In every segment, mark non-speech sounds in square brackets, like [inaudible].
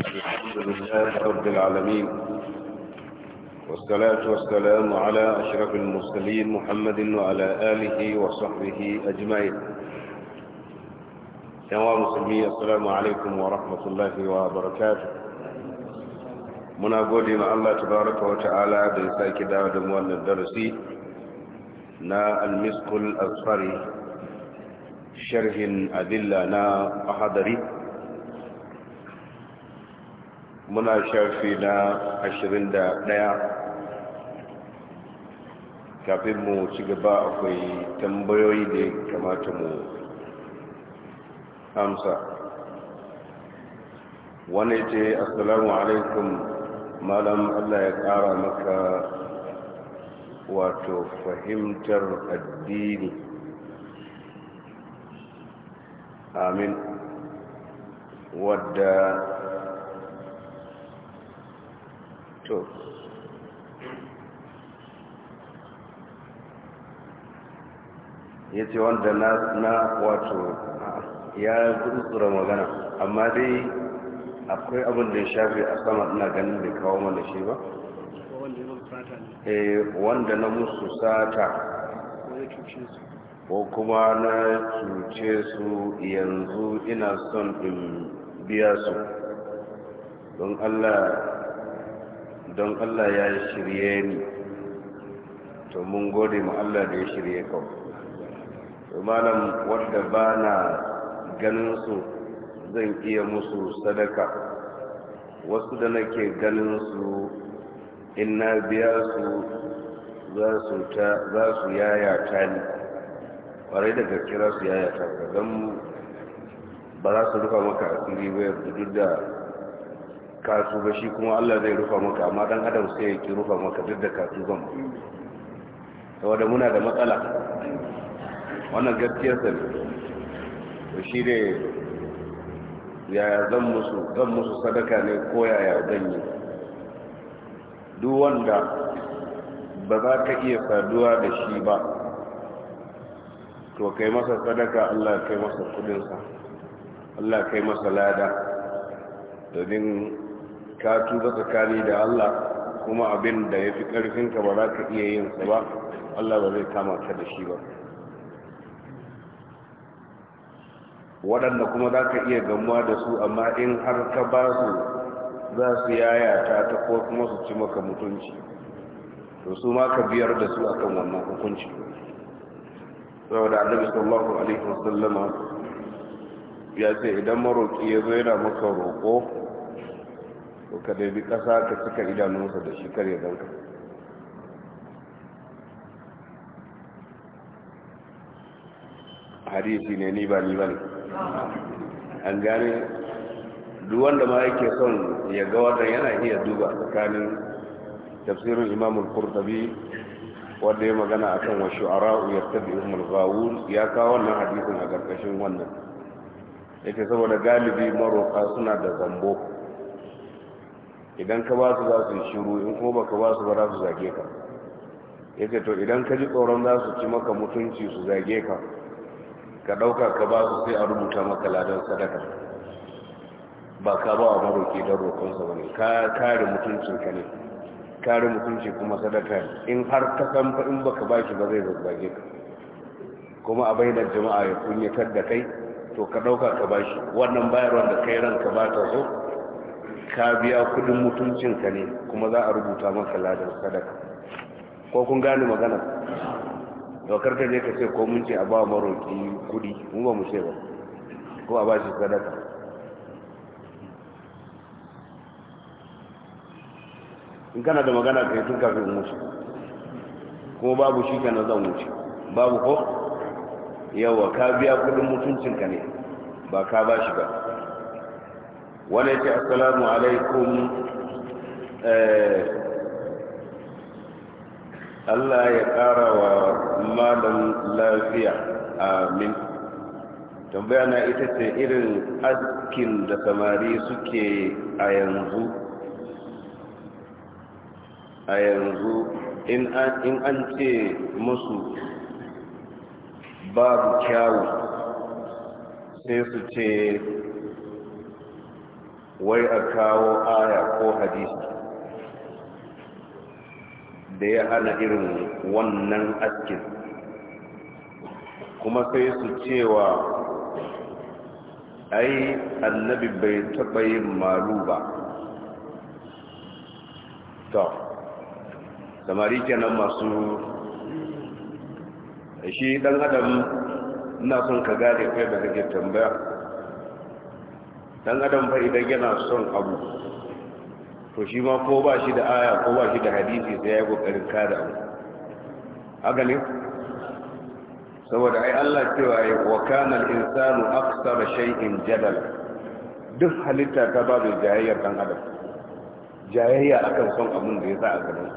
الحمد لله رب العالمين والصلاة والسلام على أشرف المرسلين محمد وعلى آله وصحبه أجمعين يا مسلمين السلام عليكم ورحمة الله وبركاته muna gode ma Allah tabaraka wa ta'ala da ya sake dawo da mu wannan darasi na al-misqul asfari sharhin adilla na ahadari muna shafi na ashirin da ɗaya. kafin mu ci gaba akwai tambayoyi da ya kamata mu amsa wani ce assalamu alaikum malam allah ya ƙara maka wato fahimtar addini amin wadda to ya ce wanda na wato ya gudunsura magana amma dai akwai abin da ya shafi a sama ina ganin da kawo mana shi ba eh, wanda na musu sata ko kuma na cuce su yanzu ina son in biya su don allah don Allah ya shirye ni to mun gode ma Allah da ya shirye ka to malam wanda bana ganin su zan iya musu sadaka wasu da nake ganin su in na biya su za su ta ni kwarai daga kira su ta ga don ba za su rufa maka asiri ba duk da kasu ba shi kuma Allah zai rufa maka amma dan adam sai ya ki rufa maka duk da kasu zan saboda muna da matsala wannan gaskiyar sa ne to shi ne yaya zan musu zan musu sadaka ne ko yaya zan duk wanda ba za ka iya faduwa da shi ba to kai masa sadaka Allah kai masa kudinsa Allah kai masa lada domin ka tuba tsakani da Allah kuma abin da ya fi ƙarfinka ba za ka iya yin sa ba Allah ba zai kama ka da shi ba waɗanda kuma za ka iya gamuwa da su amma in har ka ba su za su yayata ta ko kuma su ci maka mutunci to su ma ka biyar da su akan wannan hukunci saboda annabi sallallahu alaihi wasallama ya ce idan maroƙi ya zo yana maka roƙo ko ka daidai ƙasa ka cika idanunsa da shi ya zanka. hadisi ne ni ba ni ba ne an gane duwanda ma yake son ya ga wannan yana iya duba tsakanin tafsirin imamul kurtabi wadda ya magana a kan wasu ara'u ya tabi Umar ghawun ya kawo wannan hadisin a ƙarƙashin wannan yake saboda galibi maroka suna da zambo idan ka ba su za su yi shiru in kuma baka ba su ba za su zage ka ya ce to idan ka ji tsoron za su ci maka mutunci su zage ka ka ɗauka ka ba su sai a rubuta maka ladan sadaka ba ka ba wa maroki don roƙonsa ba ne ka kare ne kare mutunci kuma sadaka in har ka san fa in baka ba ki ba zai zage ka kuma a bainar jama'a ya kunyatar da kai to ka ɗauka ka ba shi wannan bayarwar da kai ranka ba ta so ka biya kudin mutuncinka ne kuma za a rubuta maka ladar sadaka ko kun gane magana daukar ka je ka ce ko mun ce a ba maroki kudi mu ba mu ce ba ko a ba shi sadaka in kana da magana ka yi tun kafin wuce kuma babu shi kana zan wuce babu ko yawa ka biya kudin mutuncinka ne ba ka ba shi ba wani ce assalamu alaikum eh, Allah ya ƙara wa malam lafiya amin tambaya na ita ce irin askin da samari suke a yanzu a yanzu in an ce musu babu kyawu sai su ce wai a kawo aya ko hadisi da ya hana irin wannan askin kuma sai su cewa ai annabi bai taɓa yin malu ba to samari kenan masu shi ɗan adam ina son ka gane kai da kake tambaya dan adam fa idan yana son abu to shi ma ko ba shi da aya ko ba shi da hadisi sai ya kokarin kada abu haka ne saboda ai Allah cewa ya wa kana al-insanu aktsara shay'in jadal duk halitta ta ba da jayayya dan adam jayayya akan son abun da ya sa a gaban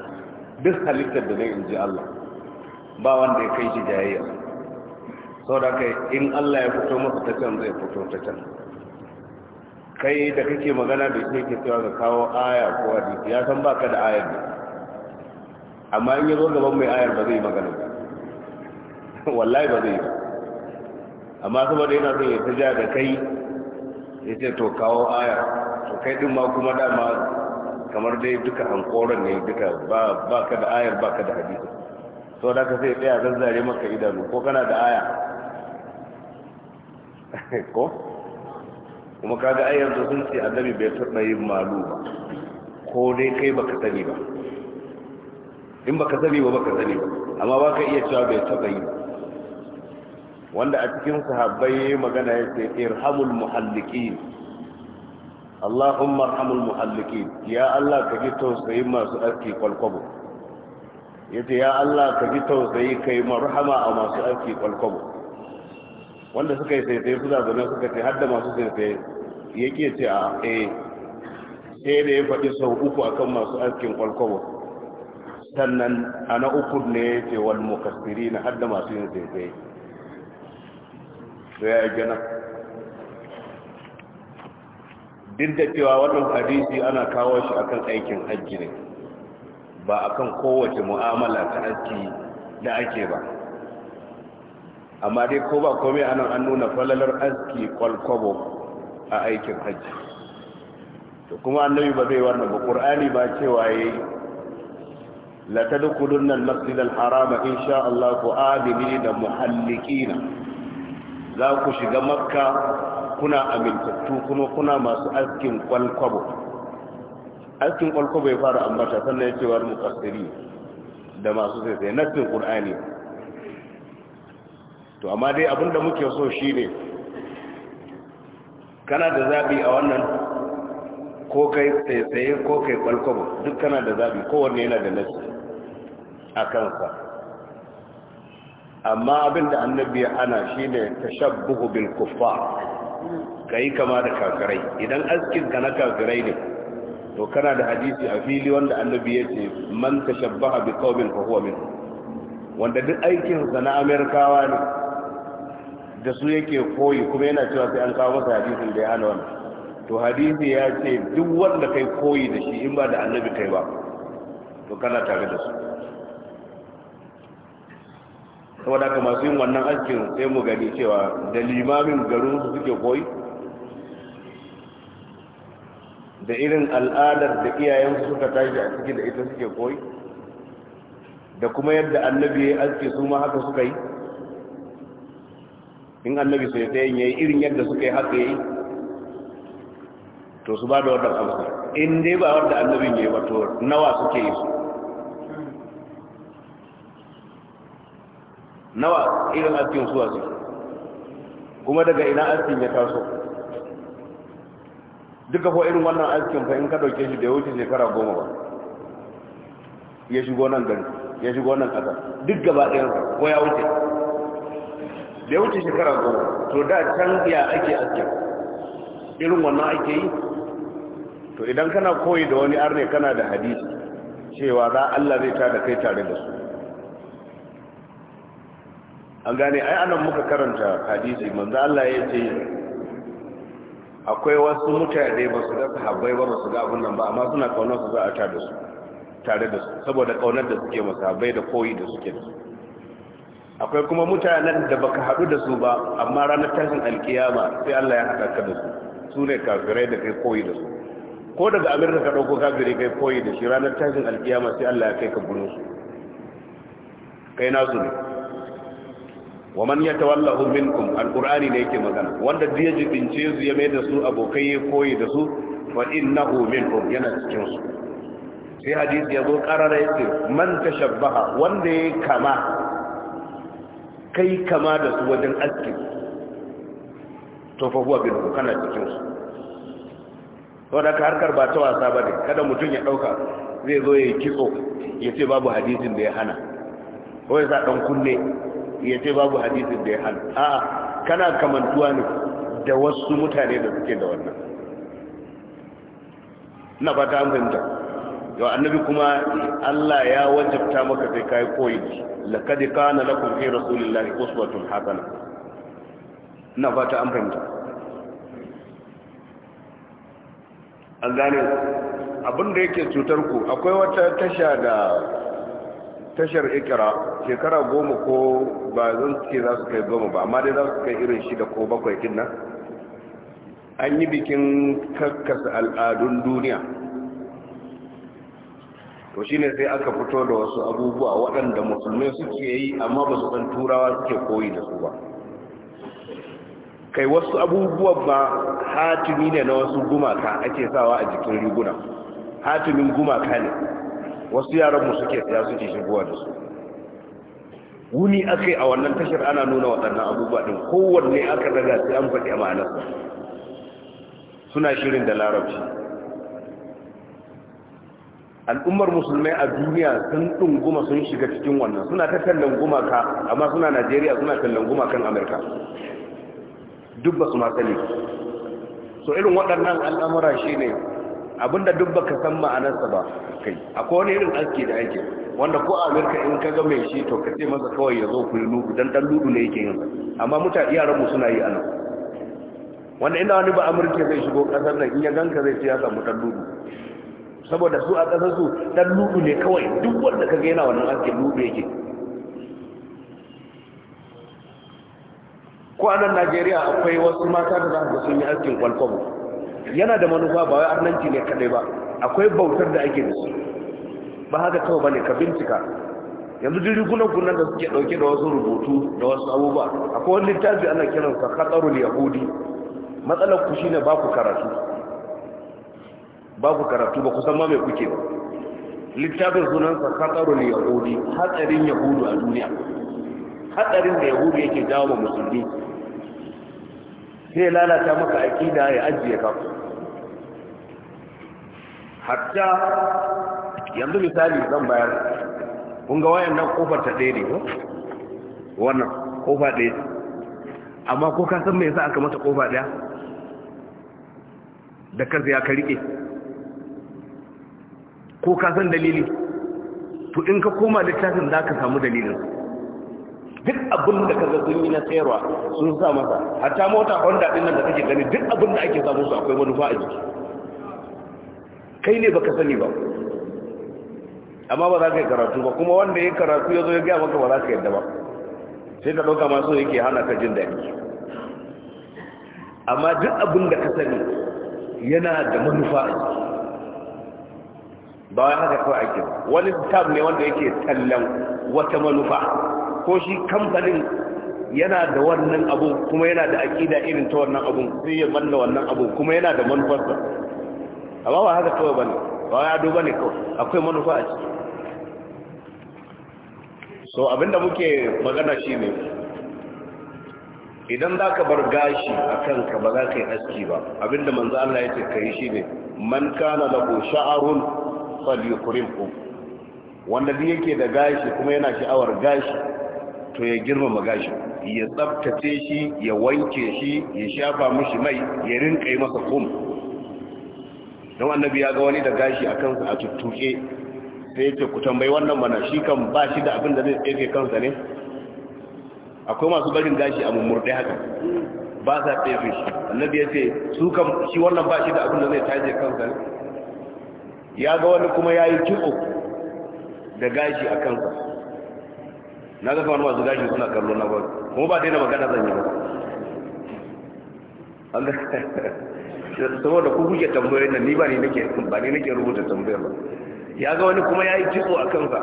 duk halittar da zai inji Allah ba wanda ya kai shi jayayya saboda kai in Allah ya fito masa ta can zai fito ta can kai da kake magana da shi ke cewa ka kawo aya ko hadisi ya san baka da ayar ne amma in yi zo gaban mai ayar ba zai magana ba [laughs] wallahi ba zai amma saboda yana son ya ta ja da kai ya ce to kawo aya to kai din ma kuma dama kamar dai duka hankoron ne duka ba ka da ayar ba ka da hadisi to da ka sai tsaya zazzare maka idanu ko kana da aya [laughs] ko kuma kaga ai yanzu sun ce annabi bai taɓa yin malu ba ko dai kai baka sani ba in baka sani ba baka sani ba amma baka iya cewa bai taɓa yi wanda a cikin sahabbai magana ya ce irhamul muhalliqin Allahumma arhamul muhalliqin ya Allah ka ji tausayi masu aski kwalkwabo yace ya Allah ka ji tausayi kai marhama a masu aski kwalkwabo wanda suka yi saitai suna zaune suka ce har da masu saitai ya ke ce a A eh. sai da ya faɗi sau uku akan masu askin kwalkwabo sannan a na uku ne ya ce wani mukassiri na har da masu yin saitai sai ya yi gina duk da cewa wannan hadisi ana kawo shi akan aikin hajji ne ba akan kowace mu'amala ta aski da ake ba amma dai ko ba komai anan an nuna falalar aski kwalkwabo a aikin hajji to kuma annabi ba zai wannan ba qur'ani ba cewa yayi la tadkhulunna al-masjid al-haram insha Allah da muhallikina za ku shiga makka kuna amintattu kuma kuna masu askin kwalkwabo askin kwalkwabo ya fara ambata sannan ya ce wa da masu sai sai nasin qur'ani to amma dai abinda muke so shi ne kana da zabi a wannan ko kai tsaye ko kai kwalkwabo duk kana da zabi kowanne yana da nasi a kansa amma abinda annabi ya ana shi ne ta shine bin bil Ka yi kama da kakarai idan askin ka na kakarai ne to kana da hadisi a fili wanda annabi ya ce man shabbaha bi qaumin fa huwa min wanda duk aikin na amerikawa ne da su yake koyi kuma yana cewa sai an kawo masa hadisin da ya hana wannan to hadisi ya ce duk wanda kai koyi da shi in ba da annabi kai ba to kana tare da su saboda haka masu yin wannan askin sai mu gani cewa da limamin garin su suke koyi da irin al'adar da iyayensu suka tashi a ciki da ita suke koyi da kuma yadda annabi ya aiki su ma haka suka yi in annabi sai ta yin yayi irin yadda suka yi haka yi to su ba da wadda amsa in dai ba wadda annabin yayi ba to nawa suke yi su nawa irin askin suwa su kuma daga ina askin ya taso duka ko irin wannan askin fa in ka dauke shi da ya wuce shekara goma ba ya shigo nan gari ya shigo nan kasa duk gaba ɗayan ko ya wuce da wuce shekara goma to da can ya ake aske irin wannan ake yi to idan kana koyi da wani arne kana da hadisi cewa za Allah zai da kai tare da su an gane ai anan muka karanta hadisi manzo Allah ya ce akwai wasu mutane ba su da sahabbai ba su ga abin nan ba amma suna kaunar su za a da su tare da su saboda kaunar da suke bai da koyi da suke da su akwai kuma mutanen da baka haɗu da su ba amma ranar tashin alkiyama sai Allah ya haɗa ka da su su ne kafirai da kai koyi da su ko daga amurka ka ɗauko kafiri kai koyi da shi ranar tashin alkiyama sai Allah ya kai ka gurin su kai nasu ne wa man yatawallahu minkum alqur'ani ne yake magana wanda zai ji jibince su ya mai da su abokai ya koyi da su fa innahu minkum yana cikin su sai hadisi ya zo karara yace man tashabbaha wanda ya kama kai kama da su wajen aski to fa huwa bin kana cikin su to da harkar ba ta wasa ba ne. kada mutum ya ɗauka zai zo ya kitso ya ce babu hadisin da ya hana ko ya sa dan kunne ya ce babu hadisin da ya hana a'a kana kamantuwa ne da wasu mutane da suke da wannan na ba ta amfanta yau annabi kuma Allah ya wajabta maka sai kai koyi laqad kana lakum fi rasulillahi uswatun hasana ina fata an fahimta an gane abin da yake cutar ku akwai wata tasha da tashar ikira shekara goma ko ba zan ce za su kai goma ba amma dai za su kai irin shida ko bakwai kin nan an yi bikin kakkasa al'adun duniya to shine sai aka fito da wasu abubuwa waɗanda musulmai suke yi amma ba su ɗan turawa suke koyi da su ba kai wasu abubuwan ba hatimi ne na wasu gumaka ake sawa a jikin riguna hatimin gumaka ne wasu yaran mu suke tsaya suke shigowa da su wuni aka yi a wannan tashar ana nuna waɗannan abubuwa ɗin kowanne aka daga sai an faɗi a ma'anarsa suna shirin da larabci al'ummar musulmai a duniya sun ɗunguma sun shiga cikin wannan suna ta tallan gumaka amma suna najeriya suna tallan gumakan amurka duk ba su matsali so irin waɗannan al'amura shi ne abinda duk ba ka san ma'anarsa ba kai akwai wani irin aski da ake wanda ko a amurka in ka mai shi to ka ce masa kawai ya zo ku yi lugu don ɗan lugu ne yake yin amma mutane yaranmu suna yi a nan wanda ina wani ba amurka zai shigo ƙasar nan in ya ganka zai ce ya samu ɗan lugu saboda su a ƙasar su ɗan ludu ne kawai duk wanda ka yana wannan askin ludu yake ko a nan najeriya akwai wasu mata da za ka sun yi askin kwalkwabo yana da manufa ba wai arnanci ne kadai ba akwai bautar da ake da ba haka kawai ba ne ka bincika yanzu jirgi rigunan kunan da suke ɗauke da wasu rubutu da wasu abubuwa akwai wani littafi ana kiransa katsarul yahudi matsalar ku shine ba ku karatu babu karatu ba kusan ma mai kuke ba littafin sunansa katsarul yahudi hatsarin yahudu a duniya hatsarin da yahudu yake jawo wa musulmi sai lalata maka aƙida ya ajiye ka hatta yanzu misali zan bayar kun ga wayan nan kofar ta ɗaya ne ko wannan kofa ɗaya amma ko ka san me yasa aka mata kofa ɗaya da kansa ya ka riƙe. ko ka san dalili to in ka koma littafin za ka samu dalilin duk abin da ka zazzun yi na tsayarwa sun sa masa ta mota honda ɗin nan da kake gani duk abin da ake samu su akwai manufa a jiki kai ne baka sani ba amma ba za ka yi karatu ba kuma wanda ya karatu ya zo ya gaya maka ba za ka yadda ba sai ka ɗauka masu yake hana ka jin daɗi amma duk abin da ka sani yana da manufa a jiki ba wai haka kawai ake wani tab ne wanda yake tallan wata manufa ko shi kamfanin yana da wannan abu kuma yana da aƙida irin ta wannan abun sai ya manna wannan abu kuma yana da manufarsa amma ba haka kawai bane ba wai ado bane kawai akwai manufa a ciki so abinda muke magana shi ne idan za ka bar gashi a kanka ba za ka yi aski ba abinda manzo Allah ya ce ka yi shi ne man kana lahu sha'arun falyukrimhu wanda duk yake da gashi kuma yana sha'awar gashi to ya girmama gashi ya tsaftace shi ya wanke shi ya shafa mishi mai ya rinka yi masa kum don annabi ya ga wani da gashi a kansa a tuttuke sai ce ku tambayi wannan mana shi kan ba shi da abin da zai tsefe kansa ne akwai masu barin gashi a mummurde haka ba sa tsefe shi annabi ya ce su kan shi wannan ba shi da abin da zai taje kansa ne ya ga wani kuma ya yi kitso da gashi a kansa na ga wani masu gashi suna kallo na ba kuma ba daina magana zan yi ba [laughs] saboda ku kuke tambayoyin nan ni ba ni nake ba ne nake rubuta tambayar ba ya ga wani kuma ya yi kitso a kansa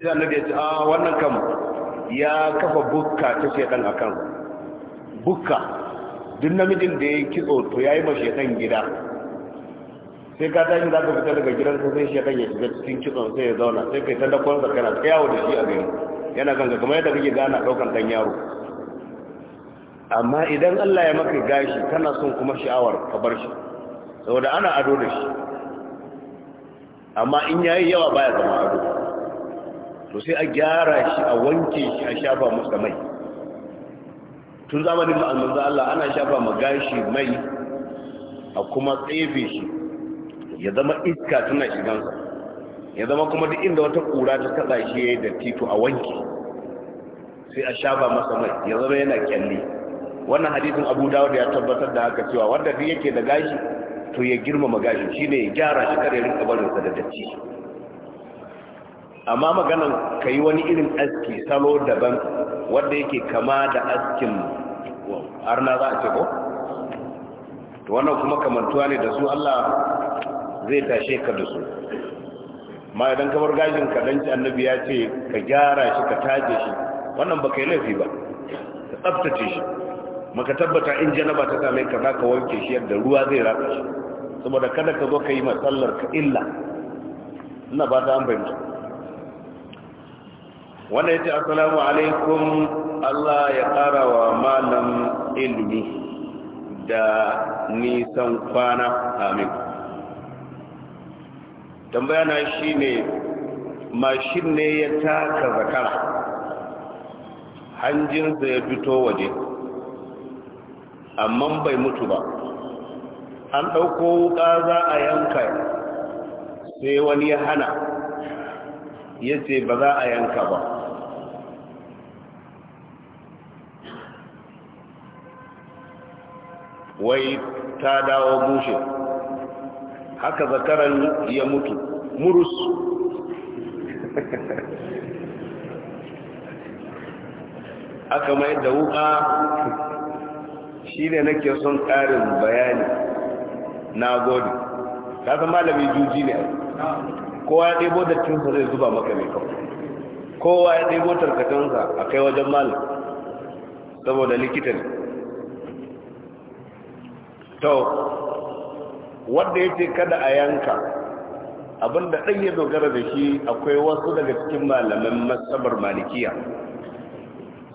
sai annabi ya ce a ah, wannan kam ya kafa bukka ta shedan a kansa bukka duk namijin da ya yi kitso to ya yi ma shedan gida sai ka tashi za ka fita daga gidan sai shi ya ya shiga cikin kitson sai ya zauna sai kai ta dakon sa kana tsayawa da shi a gari yana kanka kamar yadda kake gana daukan ɗan yaro amma idan Allah ya maka gashi kana son kuma sha'awar ka bar shi saboda ana ado da shi amma in yayi yawa baya zama ado to sai a gyara shi a wanke shi a shafa masa mai tun zamanin manzo Allah ana shafa ma gashi mai a kuma tsefe shi ya zama iska tana shigansa ya zama kuma duk inda wata kura ta taɓa shi ya yi da titu a wanki sai a shafa masa mai ya zama yana kyalli wannan hadisin abu dawud ya tabbatar da haka cewa wanda duk yake da gashi to ya girmama shi ne ya gyara shi kare rinka barinsa da datti amma maganan ka yi wani irin aski salo daban wanda yake kama da askin har na za a ce ko to wannan kuma kamantuwa ne da su Allah zai tashe ka da su ma idan kamar gashin ka dan annabi ya ce ka gyara shi ka taje shi wannan baka yi laifi ba ka tsaftace shi maka tabbata in janaba ta same ka zaka wanke shi yadda ruwa zai raka shi saboda kada ka zo ka yi matsalar ka illa ina ba ta an wannan yace assalamu alaikum Allah ya ƙara wa malam ilmi da nisan kwana amin tambaya na shi ne mashin ne ya taka zakara hanjinsa ya fito waje amma bai mutu ba an ɗauko wuka za a yanka sai wani ya hana ya ce ba za a yanka ba wai ta dawo bushe haka zakaran ya mutu murus aka mai da wuka shi ne nake son ƙarin bayani na gode ta san malami juji ne kowa ya ɗebo da cinsa zai zuba maka mai kawai kowa ya ɗebo tarkatansa a kai wajen malam saboda likitan to wanda ya ce kada a yanka abinda ɗan ya dogara da shi akwai wasu daga cikin malaman masabar malikiya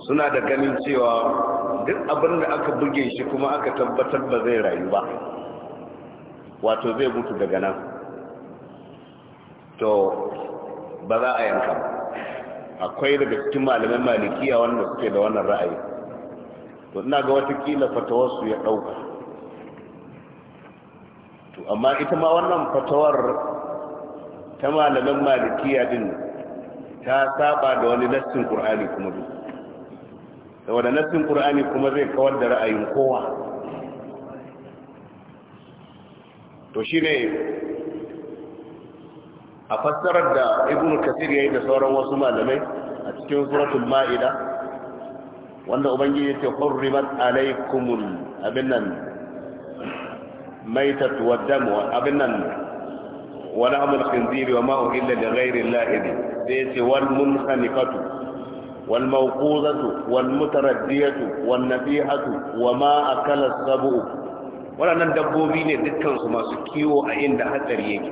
suna da ganin cewa duk abinda aka buge shi kuma aka tabbatar ba zai rayu ba wato zai mutu daga nan to ba za a yanka akwai daga cikin malaman malikiya wanda suke da wannan ra'ayi to ina ga watakila fatawarsu ya ɗauka to amma ita ma wannan fatawar ta malaman malikiya din ta saba da wani nassin qur'ani kuma duk saboda nassin qur'ani kuma zai kawar da ra'ayin kowa to shine a fassarar da ibn kasir yayi da sauran wasu malamai a cikin suratul ma'ida wanda ubangiji ya ce hurrimat alaykumul abinnan maitat wa dam wa abin nan wa lahmul khinziri wa ma uhilla li ghairi Allah bi sai ce wal munhamikatu wal mawquzatu wal mutaraddiyatu wan nabihatu wa ma akala sabu waɗannan dabbobi ne dukkan su masu kiwo a inda hatsari yake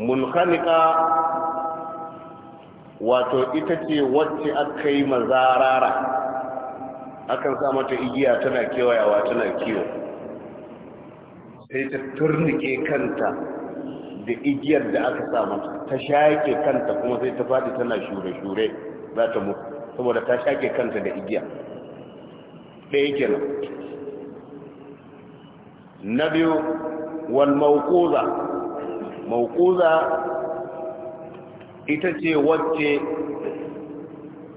munhamika wato ita ce wacce aka yi mazarara akan sa mata igiya tana kewayawa tana kiwo sai ta turnike kanta da igiyar da aka sa mata ta shaƙe kanta kuma sai ta faɗi tana shure-shure za ta mutu saboda ta shaƙe kanta da igiya ɗaya kenan na biyu wal mauƙuza mauƙuza ita ce wacce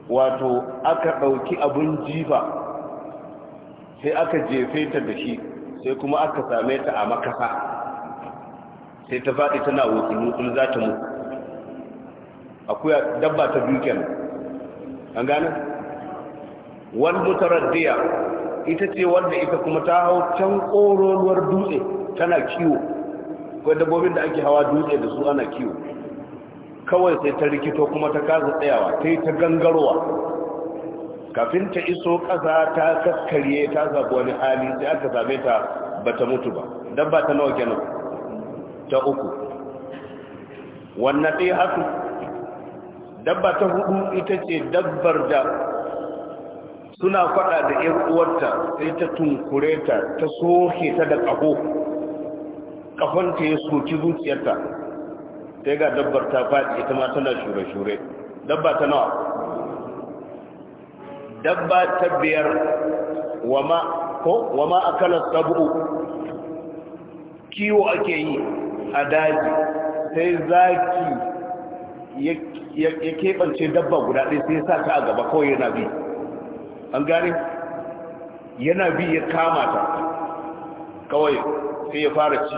wato aka ɗauki abin jifa sai aka jefe ta da shi sai kuma aka same ta a makasa sai ta faɗi tana wutsun za ta mutu akwai dabba ta duken. an gane wal ita ce wanda ita kuma ta hau can ƙororuwar dutse tana kiwo akwai dabbobin da ake hawa dutse da su ana kiwo kawai sai ta rikito kuma ta kasa tsayawa ta yi ta gangarwa. kafin ta iso ƙasa ta kaskare ta zaɓi wani hali sai aka same ta ba ta mutu ba don ba ta nawa kenan ta uku wannan ɗaya haku dabba ta hudu ita ce dabbar da suna faɗa da ‘yan uwarta sai ta tunkure ta ta soke ta da ƙaho ƙafanta ya soki zuciyarta sai ga dabbar ta faɗi ita ma tana shure-shure dabba ta nawa dabba ta biyar wama ko wama akala sabu kiwo ake yi a daji sai zaki ya keɓance dabba guda ɗaya sai sa ta a gaba kawai yana bi an gane yana bi ya kama ta kawai sai ya fara ci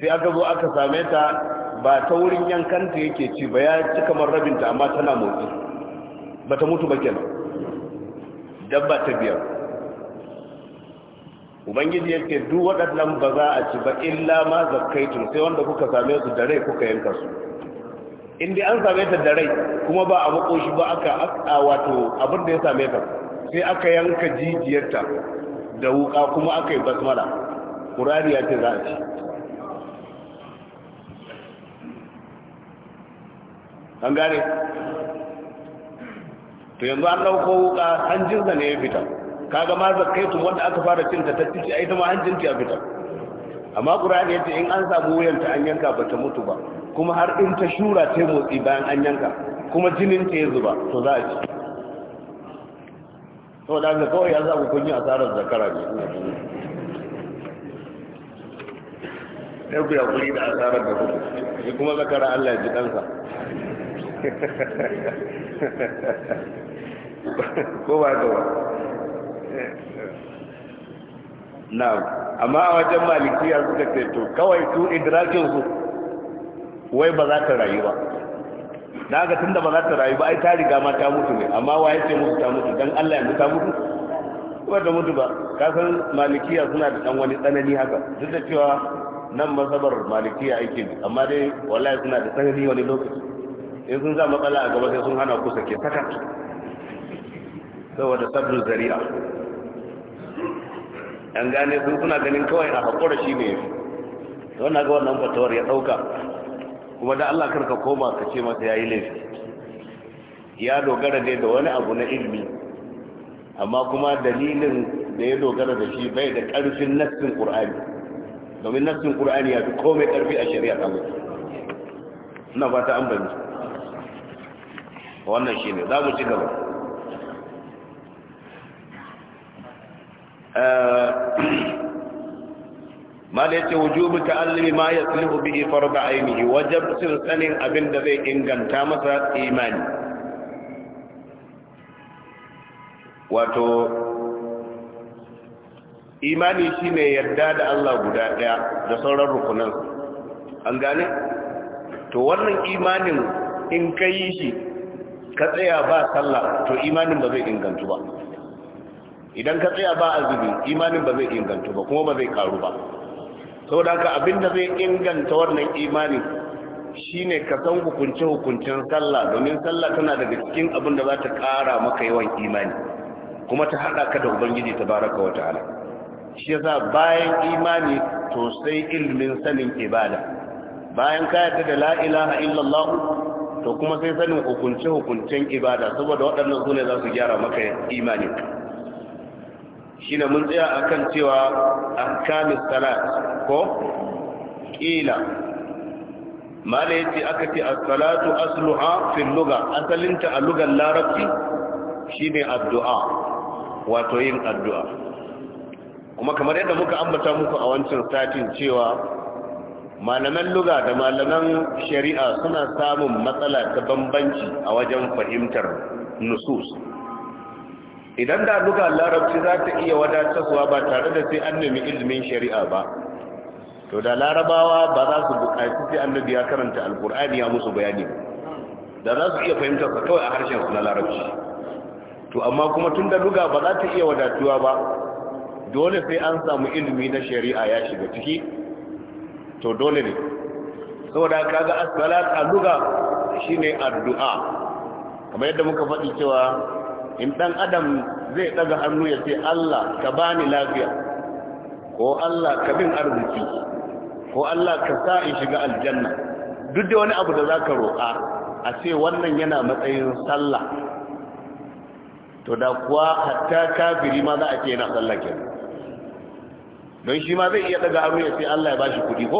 sai aka zo aka same ta ba ta wurin yankanta yake ci ba ya ci kamar rabinta amma tana motsi Ba ta mutu ba kenan dabba ta biyar ubangiji yake duk waɗannan ba za a ci ba illa ma tun sai wanda kuka same su da rai kuka yanka su in dai an same ta da rai kuma ba a makoshi ba aka a wato abin da ya same ta sai aka yanka jijiyarta da wuka kuma aka yi basmala ƙurari ya ce za a ci an gane to yanzu an dauko wuka hanjin sa ne ya fita kaga ma zakaitu wanda aka fara cin ta tattiki ai ta ma hanjin ta fita amma qur'ani yace in an samu wuyan ta an yanka bata mutu ba kuma har in ta shura ta motsi bayan an yanka kuma jinin ta ya zuba to za a ci to da kawai ya zaku kun yi asarar zakara ne sai ku kuri da asarar da kuma zakara Allah ya ji kansa [laughs] ko ba ga ba na'am amma a wajen malikiya suka ce to kawai su idrakin su wai ba za ta rayu ba da tun da ba za ta rayu ba ai ta riga ma ta mutu ne amma wa ya ce mutu ta mutu dan Allah yanzu ta mutu ba ta mutu ba ka san malikiya suna da dan wani tsanani haka duk da cewa nan mazabar malikiya ake amma dai wallahi suna da tsanani wani lokaci in sun za matsala a gaba sai sun hana ku sake sakat saboda sabbin zari'a an gane sun suna ganin kawai a haƙura shi ne wannan ga wannan fatawar ya ɗauka kuma da Allah karka koma ka ce masa ya yi laifi ya dogara ne da wani abu na ilmi amma kuma dalilin da ya dogara da shi bai da ƙarfin nassin ƙur'ani domin nassin ƙur'ani ya fi komai ƙarfi a shari'a Allah na ba ta an bani wannan shi ne za mu ci gaba eh, ya ce wujubu ta'allimi ma ya sulhu faru da ainihi wajabcin sanin abin da zai inganta masa imani wato imani shi ne yarda da Allah guda daya da sauran rukunan an gane to wannan imanin in kai shi ka tsaya ba sallah to imanin ba zai ingantu ba idan ka tsaya ba azumi imanin ba zai ingantu ba kuma ba zai karu ba saboda abin da zai inganta wannan imani shine ka san hukunce hukuncen sallah domin sallah tana daga cikin abin da za ta kara maka yawan imani kuma ta hada ka da ubangiji tabaraka wa ta'ala shi yasa bayan imani to sai ilmin sanin ibada bayan ka yarda da la ilaha illallah To kuma sai sanin hukunce hukuncen ibada saboda waɗannan su ne za su gyara maka imani ne mun tsaya akan cewa ahkamis salat ko ƙila mala yace aka ce Asalatu salatu asluha fil luga asalinta a lugar larabci shine addu'a wato yin addu'a kuma kamar yadda muka ambata muku a wancan satin cewa malaman luga da malaman shari'a suna samun matsala ta bambanci a wajen fahimtar nusus idan da luga larabci za ta iya wadatarwa ba tare da sai an nemi ilimin shari'a ba to da larabawa ba za su buƙaci sai annabi ya karanta alkur'ani ya musu bayani da za su iya fahimtar sa kawai a harshen su na larabci to amma kuma tun da luga ba za ta iya wadatuwa ba dole sai an samu ilimi na shari'a ya shiga ciki to dole ne saboda kaga as-salat a lugha shine addu'a kamar yadda muka faɗi cewa in ɗan adam zai daga hannu ya ce Allah ka bani lafiya ko Allah ka bin arziki ko Allah ka sa in shiga aljanna duk da wani abu da zaka roƙa a ce wannan yana matsayin sallah to da kuwa hatta kafiri ma za a ce yana sallah kenan don shi ma zai iya daga aro ya sai Allah ya bashi kuɗi ko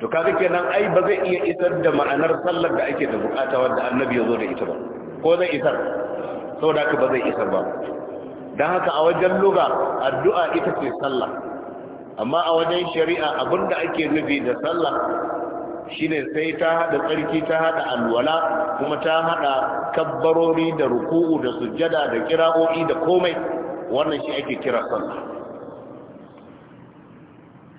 to kaga kenan ai ba zai iya isar da ma'anar sallar da ake da bukata wanda annabi ya zo da ita ba ko zai isar saboda ka ba zai isar ba don haka a wajen luga addu'a ita ce sallah amma a wajen shari'a abinda ake nufi da sallah shine sai ta hada tsarki ta haɗa alwala kuma ta haɗa kabbarori da ruku'u da sujjada da kira'o'i da komai wannan shi ake kira sallah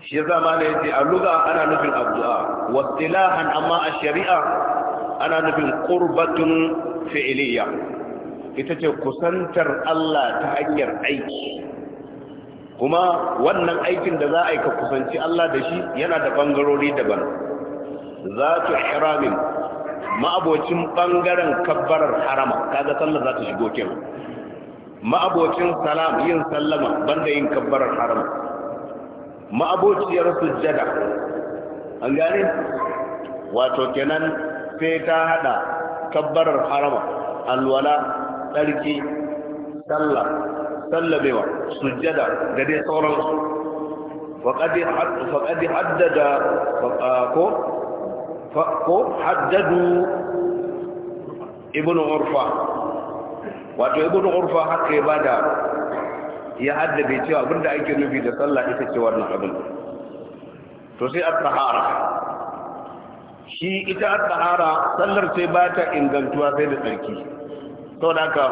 shi ya zama ne yace a lugha ana nufin abdu'a, wa istilahan amma a shari'a ana nufin qurbatun fi'liya ita ce kusantar Allah ta hanyar aiki kuma wannan aikin da za a ka kusanci Allah da shi yana da bangarori daban za ta hiramin ma'abocin bangaren kabbarar harama kaga Sallah za ta shigo kenan ma'abocin salam yin sallama banda yin kabbarar harama ma'abociyar sujjada an gane wato kenan sai ta hada kabbarar harama alwala tsarki sallah sallabewa sujjada da dai sauransu faƙadi haddada ko ko haddadu ibn urfa wato ibn urfa haka ya bada ya haddabe cewa abinda ake nufi da sallah ita ce wannan abin to sai at-tahara shi ita at-tahara sallar sai ba ta ingantuwa sai da tsarki da haka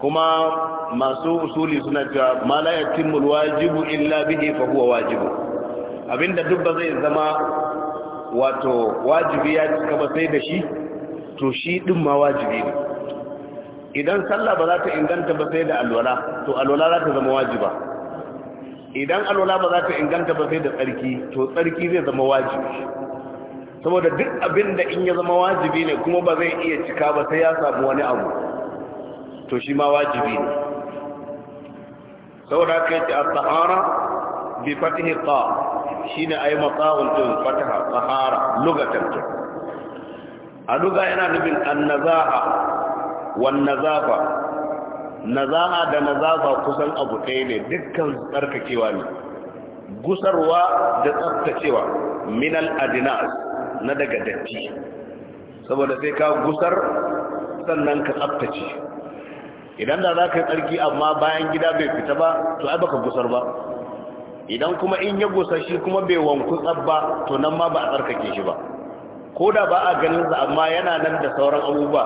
kuma masu usuli suna cewa ma la yatimmu al-wajibu illa bihi fa huwa wajibu abinda duk ba zai zama wato wajibi ya cika ba sai da shi to shi din ma wajibi ne idan sallah ba za ta inganta ba sai da alwala to alwala za ta zama wajiba idan alwala ba za ta inganta ba sai da tsarki to tsarki zai zama wajibi saboda duk abin da in ya zama wajibi ne kuma ba zai iya cika ba sai ya samu wani abu to shi ma wajibi ne saboda kai ta tsahara bi fatihi ta shine ayi maqaul din fataha tsahara lugatan ta. a luga yana nufin annazaha wannazafa nazaha da nazafa kusan abu ɗaya ne dukkan tsarkakewa ne gusarwa da tsaftacewa minal adinas na daga datti saboda sai ka gusar sannan ka tsaftace idan da za ka yi tsarki amma bayan gida bai fita ba to ai baka gusar ba idan kuma in ya gusa shi kuma bai wanku tsabba to nan ma ba a tsarkake shi ba ko da ba a ganin sa amma yana nan da sauran abubuwa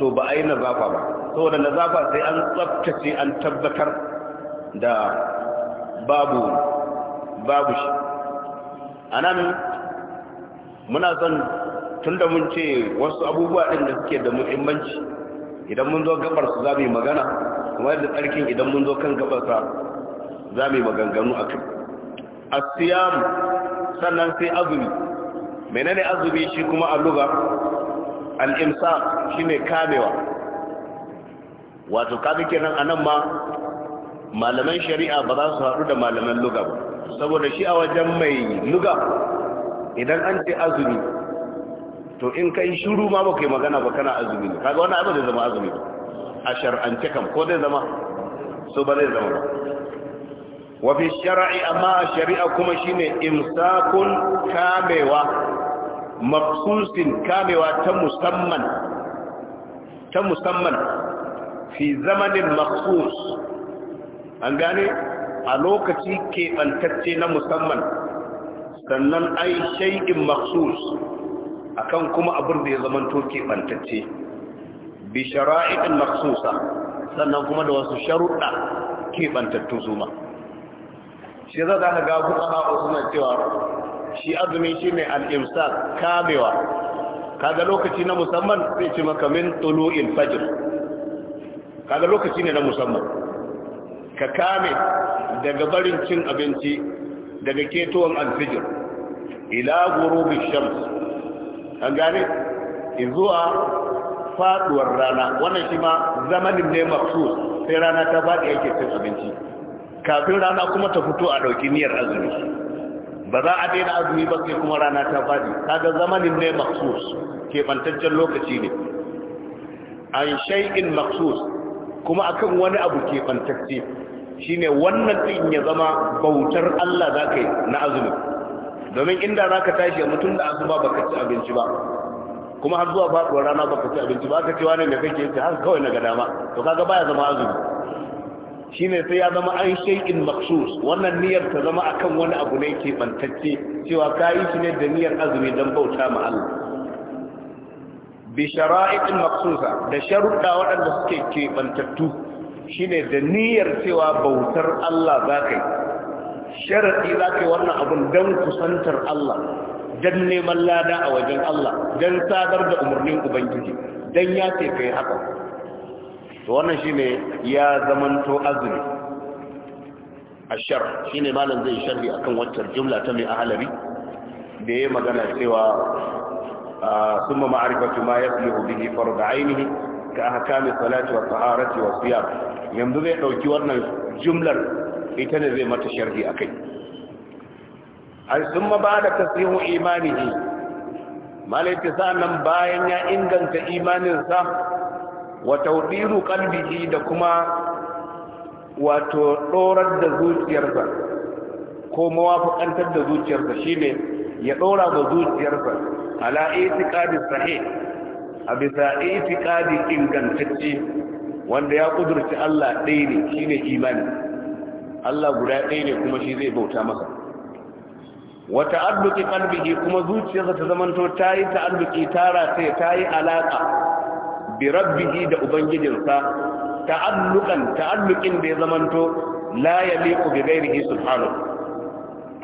to ba a yi nazafa ba saboda nazafa sai an tsabtace an tabbatar da babu babu shi a nan muna son tun da mun ce wasu abubuwa ɗin da suke da muhimmanci idan mun zo gabar su za mu yi magana kuma yadda tsarkin idan mun zo kan gabarsa za mu yi maganganu a kai asiyam sannan sai azumi menene azumi shi kuma a lugar al'imsa shi ne kamewa wato kaga kenan a nan ma malaman shari'a ba za su haɗu da malaman luga ba saboda shi a wajen mai luga idan an ce azumi to in ka yi shuru ma ba ka magana ba kana azumi ne kaga wani abu da zama azumi a shar'ance kam ko zai zama so ba zai zama ba wafi shari'a amma a shari'a kuma shi ne imsakun kamewa maksusin kamewa ta musamman ta musamman fi zamanin maksus an gane a lokaci keɓantacce na musamman sannan ai shai'in maksus akan kuma abin da ya zamanto keɓantacce bi shara'i'in maksusa sannan kuma da wasu sharuɗa keɓantattu zuma. shi za ka ga gusa suna cewa shi azumi shi ne al'imsa kamewa kaga lokaci na musamman zai ci makamin tulu in fajir kaga lokaci ne na musamman ka kame daga barin cin abinci daga ketowar alfijir ila gurubi shams an gane zuwa faduwar rana wannan shi ma zamanin ne maksus sai rana ta faɗi yake cin abinci kafin rana kuma ta fito a ɗauki niyyar azumi ba za a daina azumi ba sai kuma rana ta fadi kaga zamanin ne maksus keɓantaccen lokaci ne an shay'in maksus kuma akan wani abu keɓantacce shine wannan din ya zama bautar Allah za ka yi na azumi domin inda za ka tashi mutum da azuma ba ka ci abinci ba kuma har zuwa faɗuwar rana ba ka ci abinci ba ka ce wani ne kake yi har kawai na ga dama to kaga baya zama azumi shine sai ya zama an shaikin maksus wannan niyyar ta zama akan wani abu ne ke bantacce cewa yi shi ne da niyyar azumi don bauta ma Allah bi shara'iqin maksusa da sharuɗa waɗanda suke ke bantattu shine da niyyar cewa bautar Allah za ka yi sharaɗi za ka yi wannan abun don kusantar Allah don neman lada a wajen Allah don sadar da umarnin Ubangiji don ya ce ka yi haka to wannan shine ya zamanto azumi ashar shine malam zai sharhi akan wancan jumla ta mai ahlabi da yayi magana cewa ah, summa ma'rifatu ma yaslihu bihi da ainihi ka ahkami salati wa taharati wa siyam yanzu zai dauki wannan jumlar ita ne zai mata sharhi akai ai summa ba'da tasihu imanihi malai ta nan bayan ya inganta imaninsa wa tawdiru qalbihi da kuma wato dorar da zuciyarsa ko muwafaƙantar da zuciyarsa shine ya dora ga zuciyarsa ala itiqadi sahih a bisa itiqadi ingantacce wanda ya kudurci Allah ɗaya ne shine imani Allah guda ɗaya ne kuma shi zai bauta masa wa ta'alluqi qalbihi kuma zuciyarsa ta zamanto tayi ta'alluqi tara sai tayi alaka bi rabbihi da ubangijinsa ta'alluqan ta'alluqin da ya zamanto la yaliqu bi ghairihi subhanahu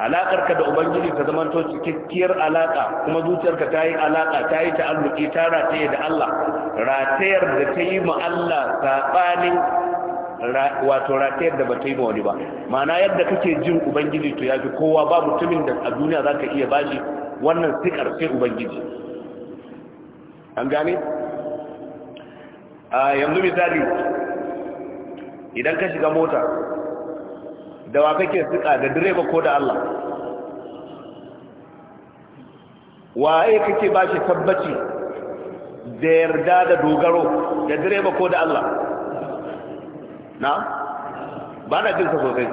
alaƙarka da ubangiji ta zamanto to cikakkiyar alaƙa kuma zuciyarka ta yi alaƙa ta yi ta'alluki ta rataye da Allah ratayar da ta yi ma Allah saɓanin wato ratayar da ba yi ma wani ba ma'ana yadda kake jin ubangiji to ya fi kowa ba mutumin da a duniya za ka iya bashi wannan sikar sai ubangiji an gane a yanzu misali idan ka shiga mota da wa kake suka da direba ko da Allah Wa ai kake ba shi tabbaci da yarda da dogaro da direba ko da Allah na ba na jinsa sosai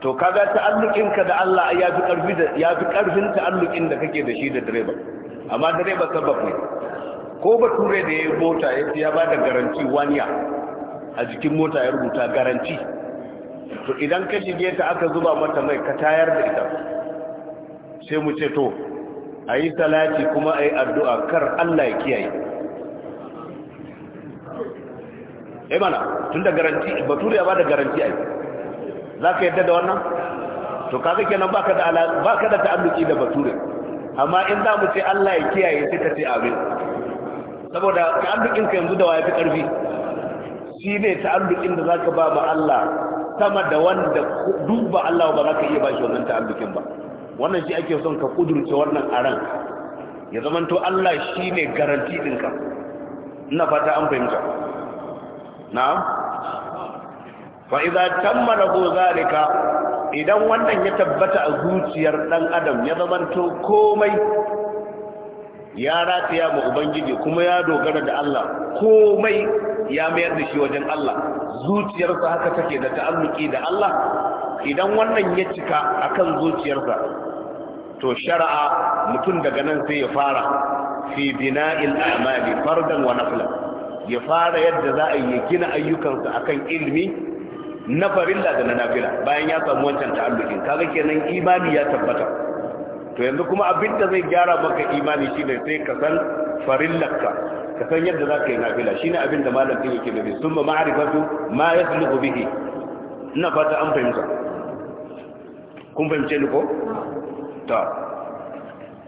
to kaga ta'allukinka da Allah ya fi karfi da ya fi ƙarfin ta'allukin da kake da shi da direba amma direba sabab ne ko bature da ya yi mota ya ba da garanti waniya a jikin mota ya rubuta garanti to idan ka shige ta aka zuba mata mai ka tayar da ita sai mu ce to a yi salati kuma a yi addu'a kar Allah ya kiyaye imana eh tun da garanti bature ya ba da garanti a yi, za ka yadda da wannan to kaka kenan baka da baka da ta'alluki da bature amma in za mu ce Allah ya kiyaye sai ka ce abin. saboda ta'addukin ka yanzu da waya fi karfi shi ne ta'addukin da zaka ba ma Allah sama da wanda duk ba Allah ba zaka iya ba shi wannan ta'addukin ba wannan shi ake son ka kudurce wannan aran ya to Allah shi ne garanti ɗinka ina fata an fahimta na'am fa'iza tammala ko zalika idan wannan ya tabbata a zuciyar ɗan adam ya to komai ya rataya ma ubangiji kuma ya dogara da Allah komai ya mayar da shi wajen Allah zuciyarsa haka take da ta'alluki da Allah idan wannan ya cika akan zuciyarsa to shari'a mutum daga nan sai ya fara fi bina'il a'mali fardan wa nafla ya fara yadda za a yi gina ayyukansa akan ilimi na farilla da na nafila bayan ya samu wancan ta'allukin kaga kenan imani ya tabbata to yanzu kuma abin da zai gyara maka imani shi ne, sai ka san farillarka ka san yadda za ka yi nafila ne abin da malam ɗin yake nufi sun ba ma'arifatu ma ya suluhu bihi ina fata an fahimta kun fahimce ni ko ta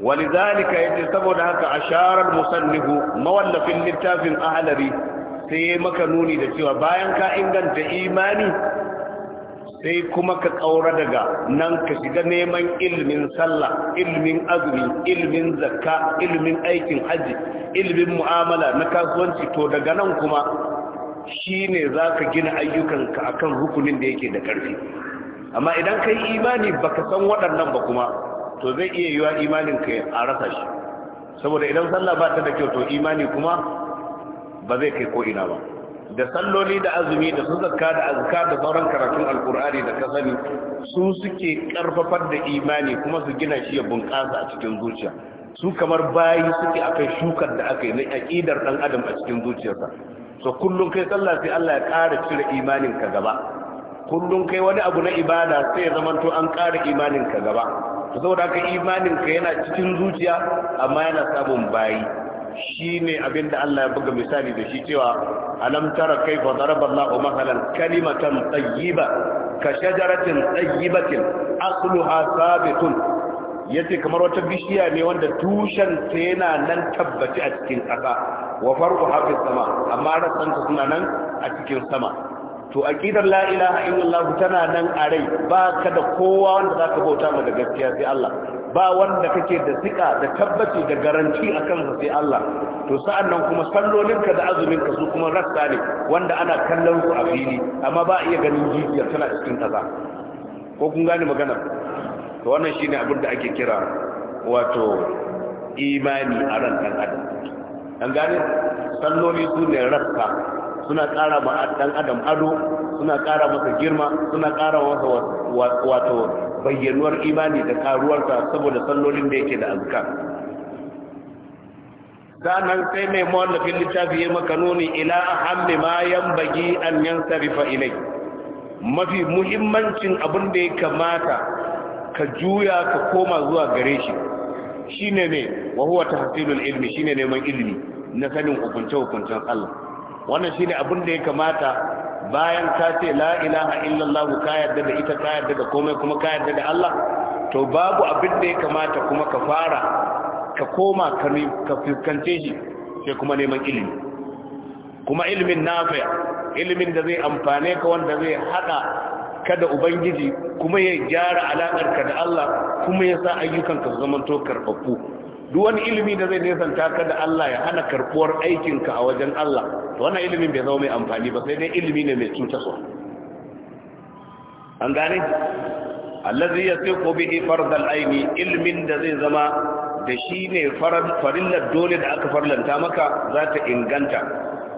ولذلك يجي saboda haka asharar musallihu mawallafin littafin ahlari sai ya maka nuni da cewa bayan ka inganta imani sai kuma ka ƙaura daga nan ka shiga neman ilmin sallah ilmin azumi ilmin zakka ilmin aikin hajji ilmin mu'amala na kasuwanci to daga nan kuma shine za ka gina ayyukanka kan rukunin da yake da ƙarfi amma idan ka yi imani baka san waɗannan ba kuma to zai iya yiwa imanin ka a rasa shi saboda idan sallah ba ta da kyau to imani kuma ba zai kai ko ina ba da salloli da azumi da su zakka da azka da sauran karatun alkur'ani da ka sani su suke karfafar da imani kuma su gina shi ya bunƙasa a cikin zuciya su kamar bayi suke akai shukar da aka yi na aƙidar ɗan adam a cikin zuciyarsa so kullum kai sallah sai Allah ya ƙara cire imanin ka gaba kullum kai wani abu na ibada sai ya zamanto an ƙara imanin ka gaba saboda haka imanin ka yana cikin zuciya amma yana samun bayi Shi ne abinda Allah ya buga misali da shi cewa alam tara kaifa daraba Allahu mathalan kalimatan tayyiba ka shajaratin tayyibatin asluha sabitun yace kamar wata bishiya ne wanda tushen ta yana nan tabbaci a cikin kasa wa farqu hafi sama amma rasanta suna nan a cikin sama to aqidar la ilaha illallah tana nan a rai ba ka da kowa wanda zaka bauta ma da gaskiya sai Allah ba wanda kake da sika da tabbaci da garanti a kansa sai Allah to sa'an nan kuma sallolinka da azuminka su kuma rasta ne wanda ana kallon su a fili amma ba iya ganin jijiyar tana cikin kaza ko kun gane magana to wannan shine abin da ake kira wato imani a ran dan adam an gane salloli su ne rasta suna ƙara ma dan adam ado suna ƙara masa girma suna ƙara masa wato bayyanuwar imani da karuwarsa saboda sallolin da yake da azka sanan sai mai mawallafin littafi ya maka nuni ila ahammi ma bagi an sarifa ilai mafi muhimmancin abin da ya kamata ka juya ka koma zuwa gare shi shine ne wa huwa tahsilul ilmi shine neman ilimi na sanin hukunce hukuncen Allah wannan shine abin da ya kamata bayan ka ce la ilaha illallah ka yarda da ita ka yarda da komai kuma ka yarda da Allah to babu abin da ya kamata kuma ka fara ka koma ka fuskance shi sai kuma neman ilimi kuma ilimin nafi'a ilimin da zai amfane ka wanda zai hada ka da ubangiji kuma ya gyara alaƙarka da Allah kuma ya sa ayyukanka su zamanto karɓaɓɓu duk wani ilimi da zai nesanta ka da Allah ya hana karbuwar aikinka a wajen Allah to wannan ilimin bai zama mai amfani ba sai dai ilimi ne mai cutarwa an gane allazi yasiqu bihi fard al-aini ilmin da zai zama da shi ne farillar dole da aka farlanta maka za ta inganta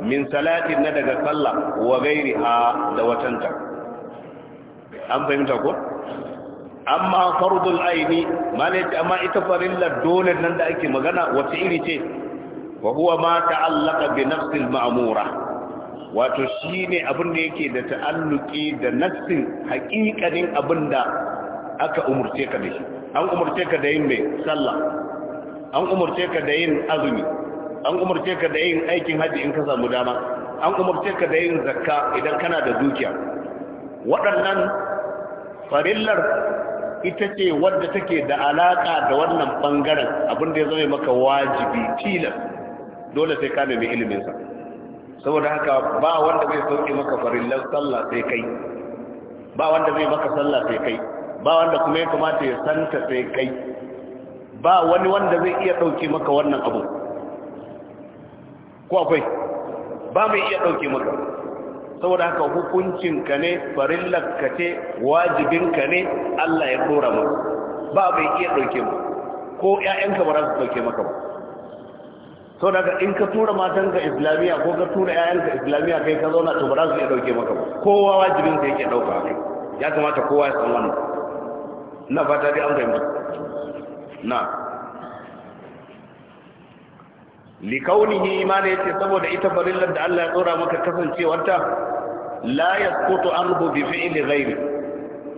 min salatin na daga sallah wa gairiha da watanta an fahimta ko amma fardul aini malaiti amma ita farillar dole nan da ake magana wace iri ce wa huwa ma ta'allaqa bi nafsil ma'mura wato shine abin da yake da ta'alluki da nafsin haƙiƙanin abin da aka umurce ka da shi an umurce ka da yin mai sallah an umurce ka da yin azumi an umurce ka da yin aikin haji in ka samu dama an umurce ka da yin zakka idan kana da dukiya waɗannan farillar ita ce wadda take da alaƙa da wannan ɓangaren abinda ya zama maka wajibi tilas dole sai ka nemi iliminsa saboda haka ba wanda zai sauke maka farillar sallah sai kai ba wanda zai maka sallah sai kai ba wanda kuma ya kamata ya santa sai kai ba wani wanda zai iya ɗauke maka wannan abu ko akwai ba mai iya ɗauke maka saboda haka hukuncinka ne farillarka ce wajibinka ne Allah ya dora mu ba bai iya dauke mu ko ƴaƴanka ba za su dauke maka ba saboda haka in ka tura matanka islamiya ko ka tura ƴaƴanka islamiya kai ka zauna to ba za su iya dauke maka ba kowa wajibin ka yake dauka kai ya kamata kowa ya san wannan na fata dai an fahimta na likaunihi imani yace saboda ita farillar da Allah ya tsora maka kasancewarta la yasqutu anhu bi fi'li ghairi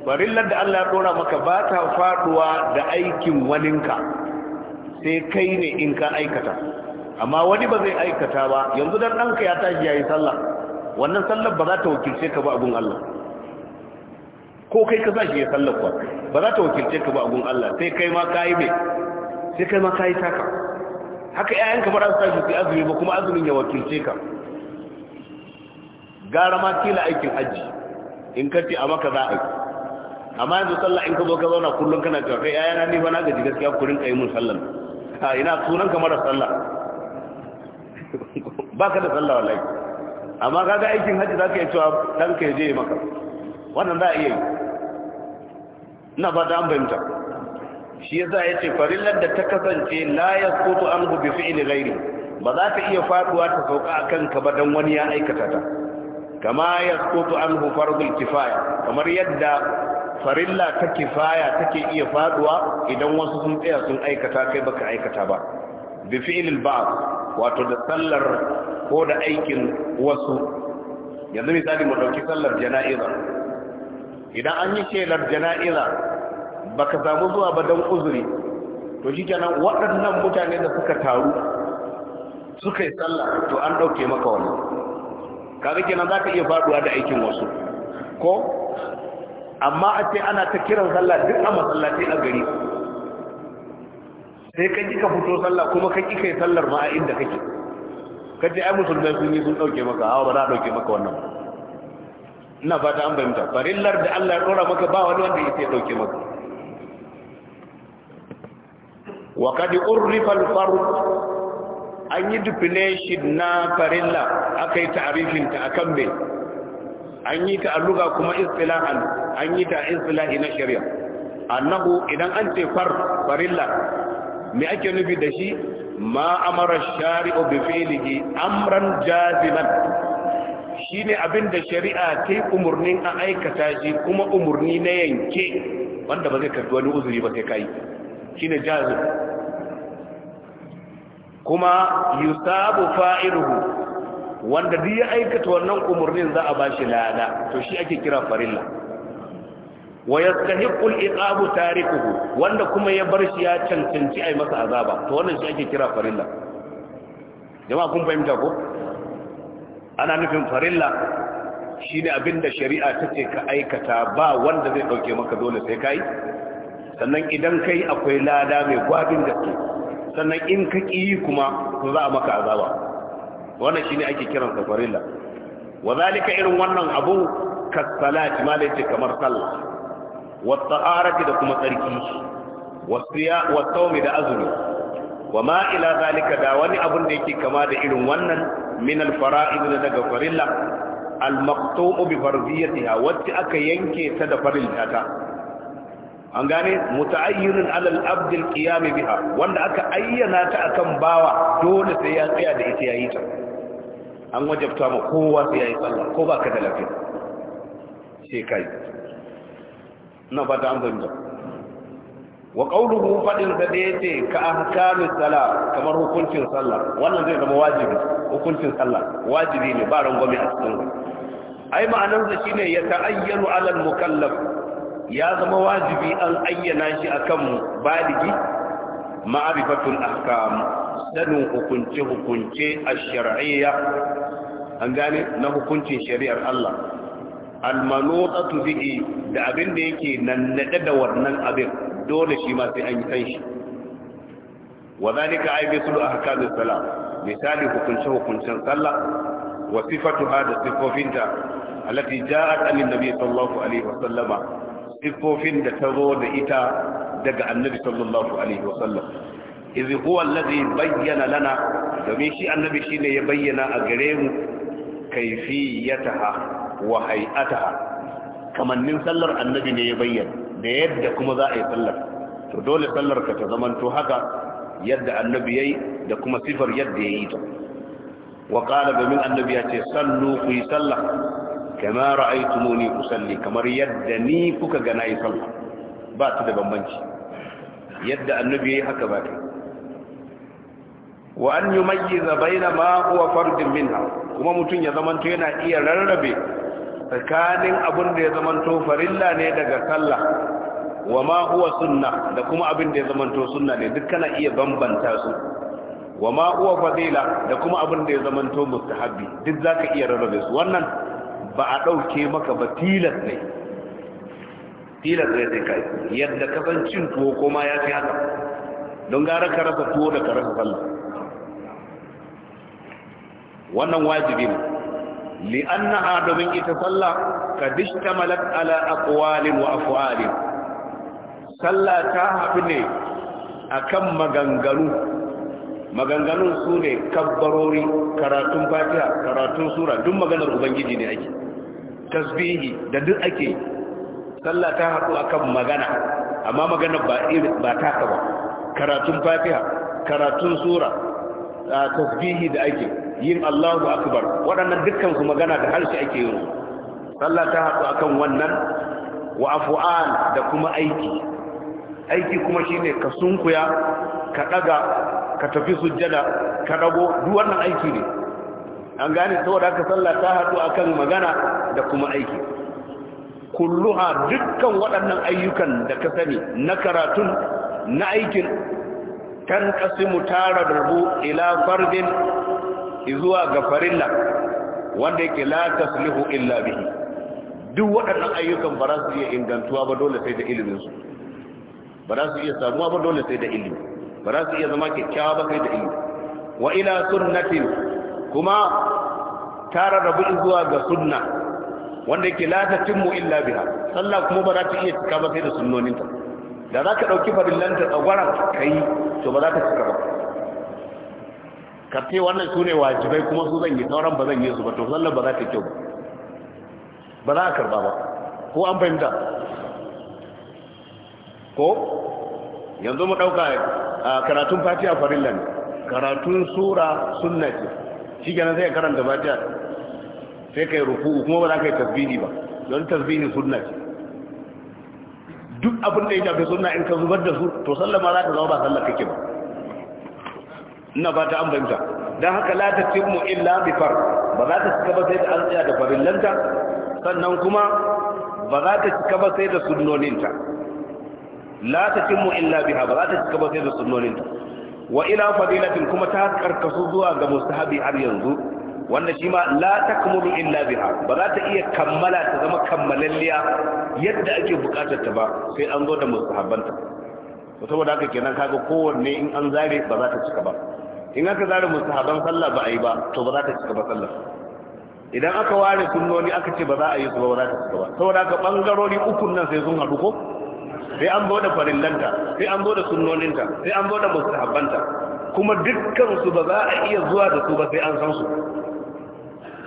bari da Allah ya dora maka ba ta faduwa da aikin waninka sai kai ne in ka aikata amma wani ba zai aikata ba yanzu dan ɗanka ya tashi yayi sallah wannan sallar ba za ta wakilce ka ba abun Allah ko kai ka shi ya sallar kuwa ba za ta wakilce ka ba abun Allah sai kai ma ka yi mai sai kai ma ka yi taka haka 'ya'yanka ba za su tashi su azumi ba kuma azumin ya wakilce ka gara ma kila aikin hajji in ka a maka za a yi amma yanzu sallah in ka zo ka zauna kullum kana cewa kai yaya na ni fa na gaji gaskiya ku rinka yi mun sallan a ina sunan ka mara sallah [laughs] ba ka da sallah wallahi amma ga aikin hajji za ka yi cewa dan ka je maka wannan za a iya yi ina ba da an fahimta shi yasa yace ce farillar da ta kasance la yasqutu anhu bi fi'li ghairi ba za ta iya faduwa ta sauka akan ka ba dan wani ya aikata ta kama yasqutu anhu fardul kifaya kamar yadda farilla ta kifaya take iya faduwa idan wasu sun tsaya sun aikata kai baka aikata ba bi fi'lil ba'd wato da sallar ko da aikin wasu yanzu misali mu dauki sallar jana'iza idan an yi shelar jana'iza baka samu zuwa ba don uzuri to shikenan waɗannan mutane da suka taru suka yi sallah to an dauke maka wannan kaga kenan zaka iya faduwa da aikin wasu ko amma a ce ana ta kiran sallah duk a masallaci a gari sai ka kika ka fito sallah kuma ka kika yi sallar ma a inda kake ka ce ai musulmai sun yi sun dauke maka hawa ba za a dauke maka wannan ina fata an fahimta farillar da Allah ya dora maka ba wani wanda yake dauke maka wa qad urifa al-fard an yi definition na farilla aka yi ta'arifinta a kan bai an yi ta alluga kuma istilahan an yi ta istilahi na shari'a annahu idan an ce far farilla me ake nufi da shi ma amara shari'u bi fi'lihi amran jaziman shine abin da shari'a ta yi umarnin a aikata shi kuma umarni na yanke wanda ba zai karbi wani uzuri ba sai kai shine jazim kuma yusabu fa'iluhu wanda duk ya aikata wannan umurnin za a bashi lada to shi ake kira farilla wa yastahiqu al-iqabu tarikuhu wanda kuma ya bar shi ya cancanci ai masa azaba to wannan shi ake kira farilla jama'a kun fahimta ko ana nufin farilla shine abinda shari'a ta ce ka aikata ba wanda zai dauke maka dole sai kai sannan idan kai akwai lada mai gwabin gaske sannan in ka ƙi kuma to za a maka azaba wannan shine ake kiran sa farilla Wazalika irin wannan abu kasalati malai ce kamar sallah wa taharati da kuma tsarki wa siya wa sawmi da azumi wa ma ila zalika da wani abun da yake kama da irin wannan min al fara'id daga farilla al maqtu'u bi fardiyatiha wacce aka yanke ta da farillata an gane muta'ayyinun alal abdil qiyam biha wanda aka ayyana ta akan bawa dole sai ya tsaya da ita yayi ta an wajabta ma kowa sai yayi sallah ko baka da lafiya sai kai na fata an fahimta wa qawluhu fadin sa da yace ka ahkamis sala kamar hukuncin sallah wannan zai zama wajibi hukuncin sallah wajibi ne ba rangwame a cikin ai ma'anar sa shine ya ta'ayyanu alal mukallaf ya zama wajibi an ayyana shi akan mu baligi ma'rifatul ahkam sanin hukunce hukunce ash-shar'iyya an gane na hukuncin shari'ar Allah al-manutatu bihi da abin da yake nan nannade da wannan abin dole shi ma sai an yi kanshi wa zalika ayyatul ahkamus salam misali hukunce hukuncen sallah wa sifatuha da sifofinta التي جاءت عن النبي صلى الله عليه وسلم siffofin da ta zo da ita daga annabi sallallahu alaihi wasallam izi huwa allazi bayyana lana domin shi annabi shine ya bayyana a gare mu kaifiyataha wa hay'ataha kamannin sallar annabi ne ya bayyana da yadda kuma za a yi sallar to dole sallar ka ta zamanto haka yadda annabi yayi da kuma sifar yadda yayi ta wa qala domin annabi ya ce sallu ku yi sallah kama ra'aytumuni usalli kamar yadda ni kuka ga nayi sallah ba ta da bambanci yadda annabi yayi haka ba kai wa an yumayyiza baina ma huwa fardun minha kuma mutun ya zamanto yana iya rarrabe tsakanin abin da ya zamanto farilla ne daga sallah wa ma huwa sunna da kuma abin da ya zamanto sunna ne duk kana iya bambanta su wa ma huwa fadila da kuma abin da ya zamanto mustahabbi duk zaka iya rarrabe su wannan ba a ɗauke maka ba tilas ne tilas ne sai kai yadda ka san cin tuwo ma ya fi haka don gara ka rasa tuwo da ka rasa sallah wannan wajibi ne li'annaha domin ita sallah dishta ishtamalat ala aqwalin wa af'alin sallah ta haɗu ne akan maganganu maganganun su ne kabbarori karatun fatiha karatun sura duk maganar ubangiji ne ake tasbihi da duk ake sallah ta haɗu akan magana amma magana ba iri ba taka ba karatun fatiha karatun sura tasbihi da ake yin Allahu akbar waɗannan dukkan su magana da harshe ake yi sallah ta haɗu akan wannan wa afu'an da kuma aiki aiki kuma shine ka sunkuya ka daga ka tafi sujjada ka dago duk wannan aiki ne an gane saboda haka sallah ta hadu akan magana da kuma aiki kulluha dukkan waɗannan ayyukan da ka sani na karatun na aikin kan kasimu tara darbu ila fardin zuwa ga farilla wanda yake la taslihu illa bihi duk waɗannan ayyukan ba za su iya ingantuwa ba dole sai da ilimin su ba za su iya samuwa ba dole sai da ilimi ba za su iya zama kyakkyawa ba sai da ilimi wa ila sunnatin kuma ta rabu zuwa ga sunna wanda yake la ta timmu illa biha sallah kuma ba za ta iya cika ba sai da sunnoninta da za ka ɗauki farillanta tsagwaran ka yi to ba za ka cika ba ka ce wannan su ne wajibai kuma su zan yi sauran ba zan yi su ba to sallah ba za ta kyau ba za a karba ba ko an fahimta ko yanzu mu ɗauka karatun fatiha farillan ne karatun sura sunna ce shi gane zai karanta fatiha sai kai ruku kuma ba za ka yi tasbihi ba don tasbihi sunna ce duk abin da ya shafi sunna in ka zubar da su to sallama za ta zama ba sallah kake ba ina ba ta an fahimta don haka la ta illa bi far ba za ta cika ba sai da an tsaya da farillanta sannan kuma ba za ta cika ba sai da sunnoninta la ta illa biha ba za ta cika ba sai da sunnoninta wa ila fadilatin kuma ta karkasu zuwa ga mustahabi har yanzu wanda shi ma la takmulu illa biha ba za ta iya kammala ta zama kammalalliya yadda ake bukatar ta ba sai an zo da mustahabbanta to saboda haka kenan kaga kowanne in an zare ba za ta cika ba in aka zare mustahabban sallah ba a yi ba to ba za ta cika ba sallah idan aka ware sunnoni aka ce ba za a yi su ba ba za ta cika ba saboda haka bangarori uku nan sai sun haɗu ko sai an zo farillanta sai an zo sunnoninta sai an zo da mustahabbanta kuma dukkan su ba za a iya zuwa da su ba sai an san su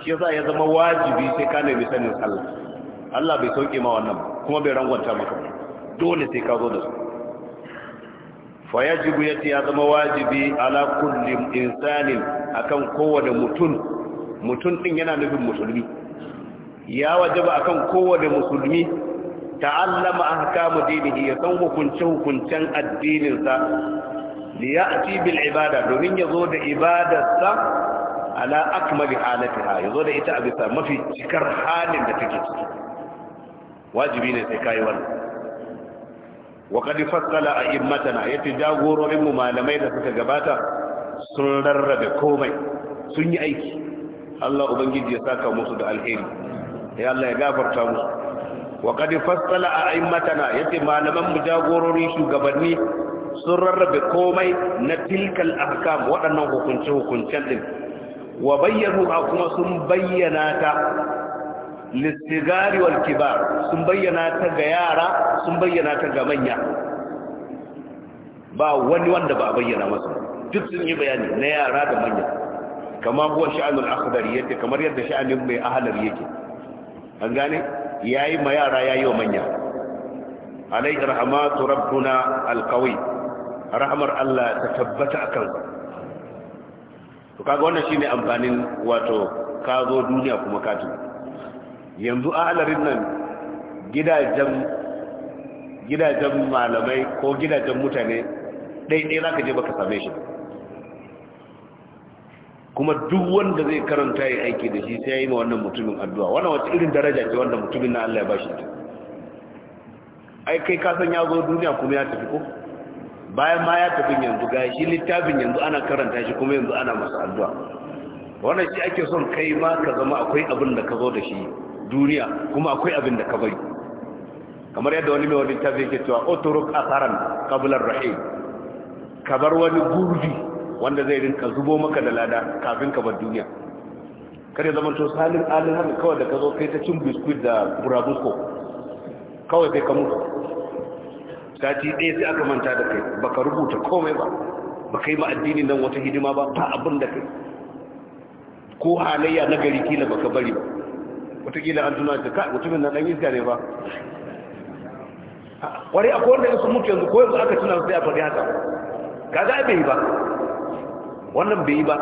shi yasa ya zama wajibi sai ka nemi sanin Allah Allah bai sauke ma wannan kuma bai rangwanta maka dole sai ka zo da su fa yajibu yati ya zama wajibi ala kulli insanin akan kowane mutum mutum din yana nufin musulmi ya wajaba akan kowane musulmi ta'allama ahkamu dinihi ya san hukunce hukuncen addininsa li ya'ti bil ibada domin ya zo da ibadarsa ala akmali halatiha ya zo da ita a bisa mafi cikar halin da take ciki wajibi ne sai kai wannan wa qad fassala a'immatana yace jagororin mu malamai da suka gabata sun rarrabe komai sun yi aiki Allah ubangiji ya saka musu da alheri ya Allah ya gafarta musu wa qad fassala a aimmatana yace malaman mu jagorori shugabanni sun rarrabe komai na tilkal ahkam waɗannan hukunce hukuncen din wa bayyanu kuma sun bayyana ta listigari wal kibar sun bayyana ta ga yara sun bayyana ta ga manya ba wani wanda ba bayyana masa duk sun yi bayani na yara da manya kama huwa sha'anul akhdari yake, kamar yadda sha'anin mai ahlar yake an gane yayi ma yara yayi wa manya alai rahmatu rabbuna alqawi rahmar Allah ta tabbata akan to kaga wannan shine amfanin wato kazo zo duniya kuma ka yanzu a alarin nan gidajen malamai ko gidajen mutane ɗaiɗai za ka je baka same shi kuma duk wanda zai karanta ya aiki da shi sai ya yi ma wannan mutumin addu'a wannan wata irin daraja ce wanda mutumin na Allah ya bashi ta ai kai ka san ya zo duniya kuma ya tafi ko bayan ma ya tafi yanzu ga shi littafin yanzu ana karanta shi kuma yanzu ana masa addu'a wannan shi ake son kai ma ka zama akwai abin da ka zo da shi duniya kuma akwai abin da ka bari kamar yadda wani mai wani littafi yake cewa otoruk asaran qablar rahim kabar wani gurbi wanda zai rinka zubo maka da lada kafin ka bar duniya kada zama to salin alin haka kawai da ka zo kai ta cin biskuit da burabusko kawai sai ka mutu sati ɗaya sai aka manta da kai baka rubuta komai ba ba yi ba addini nan wata hidima ba ba abin da kai ko halayya na gari kila baka bari ba Wataƙila an tuna da kai mutumin na ɗan iska ne ba kwarai akwai wanda su mutu yanzu ko yanzu aka tuna sai a faɗi haka kaga bai ba wannan bai yi ba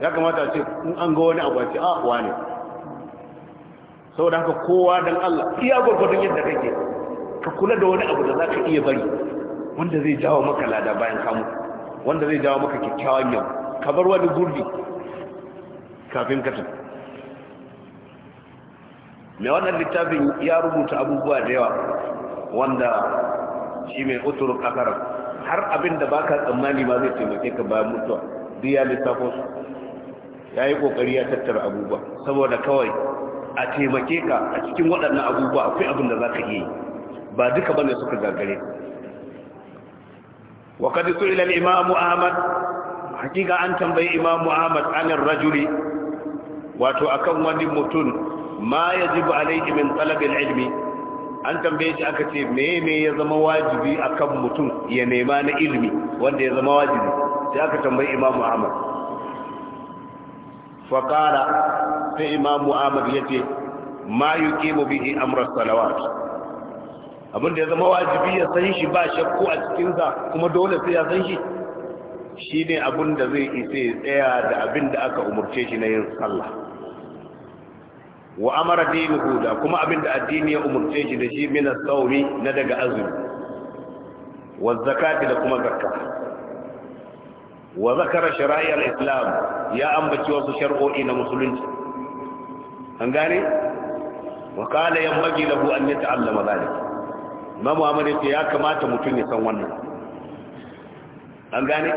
ya kamata ce in an ga wani abu ce a ah, wani saboda haka kowa dan Allah iya gwargwadon yadda kake ka kula da wani abu da za ka iya bari wanda zai jawo maka lada bayan kamu wanda zai jawo maka kyakkyawan yau ka bar wani gurbi kafin ka tafi mai wannan littafin ya rubuta abubuwa da yawa wanda shi mai uturu kasar har abin da baka tsammani ma zai taimake ka ba mutuwa duk ya su ya yi ƙoƙari ya tattara abubuwa saboda kawai a taimake ka a cikin waɗannan abubuwa akwai abin da za ka yi ba duka bane suka gagare wa kad su'ila al-imam ahmad hakika an tambayi imam ahmad anin rajuli wato akan wani mutum ma yajibu alayhi min talab al-ilmi an tambaye shi aka ce me me ya zama wajibi akan mutum ya nema na ilimi wanda ya zama wajibi sai aka tambayi imamu ahmad faƙara sai imamu ahmad ya ce ma yi bihi amurar salawat Abin da ya zama wajibi ya san shi ba shakku a cikin sa kuma dole sai ya san shi shine abin da zai isa ya tsaya da abin da aka umarce shi na yin sallah wa amara dinuhu da kuma abinda addini ya umurce shi da shi min as-sawmi na daga azumi wa zakati da kuma zakka wa zakara shari'ar islam ya ambaci wasu shar'o'i na musulunci an gane wa qala yanbaghi lahu an yata'allama dhalik Imam Ahmad yace ya kamata mutum ya san wannan an gane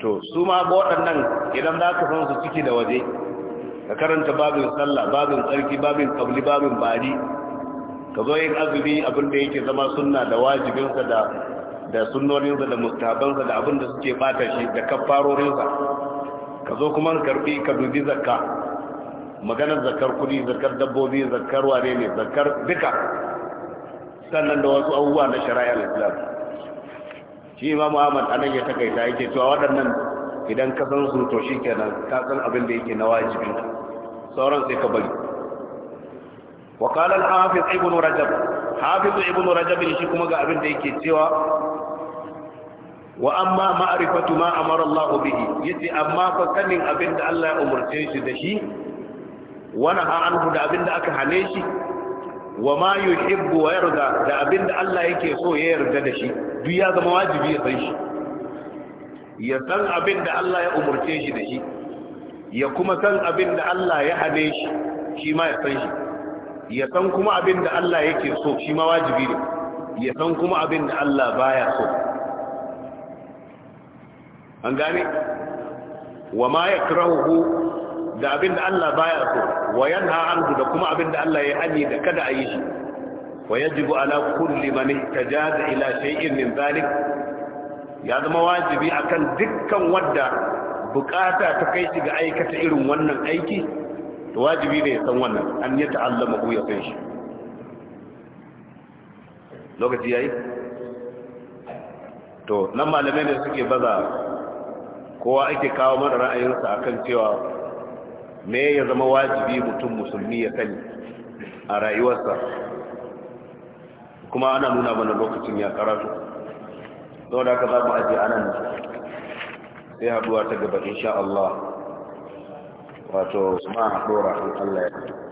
to su ma waɗannan idan za ka san su ciki da waje ka karanta babin sallah babin tsarki babin kabli babin bari ka zo yin azumi abin da yake zama sunna da wajibinsa da da sunnoninsa da mustahabansa da abin da suke bata shi da kafarorinsa ka zo kuma karbi ka dubi zakka maganar zakkar kudi zakkar dabbobi zakkar wane ne zakkar duka sannan da wasu abubuwa na shari'ar islam shi imamu ahmad anan ya takaita yake cewa waɗannan idan ka san su to shi kenan ka san abin da yake na wajibin ka. sauran sai ka bari wa qala al-hafiz ibn rajab hafiz ibn rajab shi kuma ga abin da yake cewa wa amma ma'rifatu ma amara Allah bihi yace amma fa sanin abin da Allah ya umurce shi da shi wa naha anhu da abin da aka hane shi wa ma yuhibbu wa yarda da abin da Allah yake so ya yarda da shi duk ya zama wajibi ya san shi ya san abin da Allah ya umurce shi da shi ya kuma san abin da Allah ya hane shi shi ma ya san shi ya san kuma abin da Allah yake so shi ma wajibi ne ya san kuma abin da Allah baya so an gane wa ma yakrahu da abin da Allah baya so wa yanha anhu da kuma abin da Allah ya hani da kada a yi shi wa yajibu ala kulli man ihtajaza ila shay'in min zalik ya zama wajibi akan dukkan wadda bukata ta kai shi ga aikata irin wannan aiki to wajibi ne san wannan an yi ta'allama ku ya san shi lokaci yayi to nan malamai ne suke baza kowa ake kawo mana ra'ayinsa akan cewa me ya zama wajibi mutum musulmi ya kani a rayuwarsa kuma ana nuna mana lokacin ya karatu don da ka za mu aje anan sai haduwa ta gaba insha Allah wato ma dora in Allah ya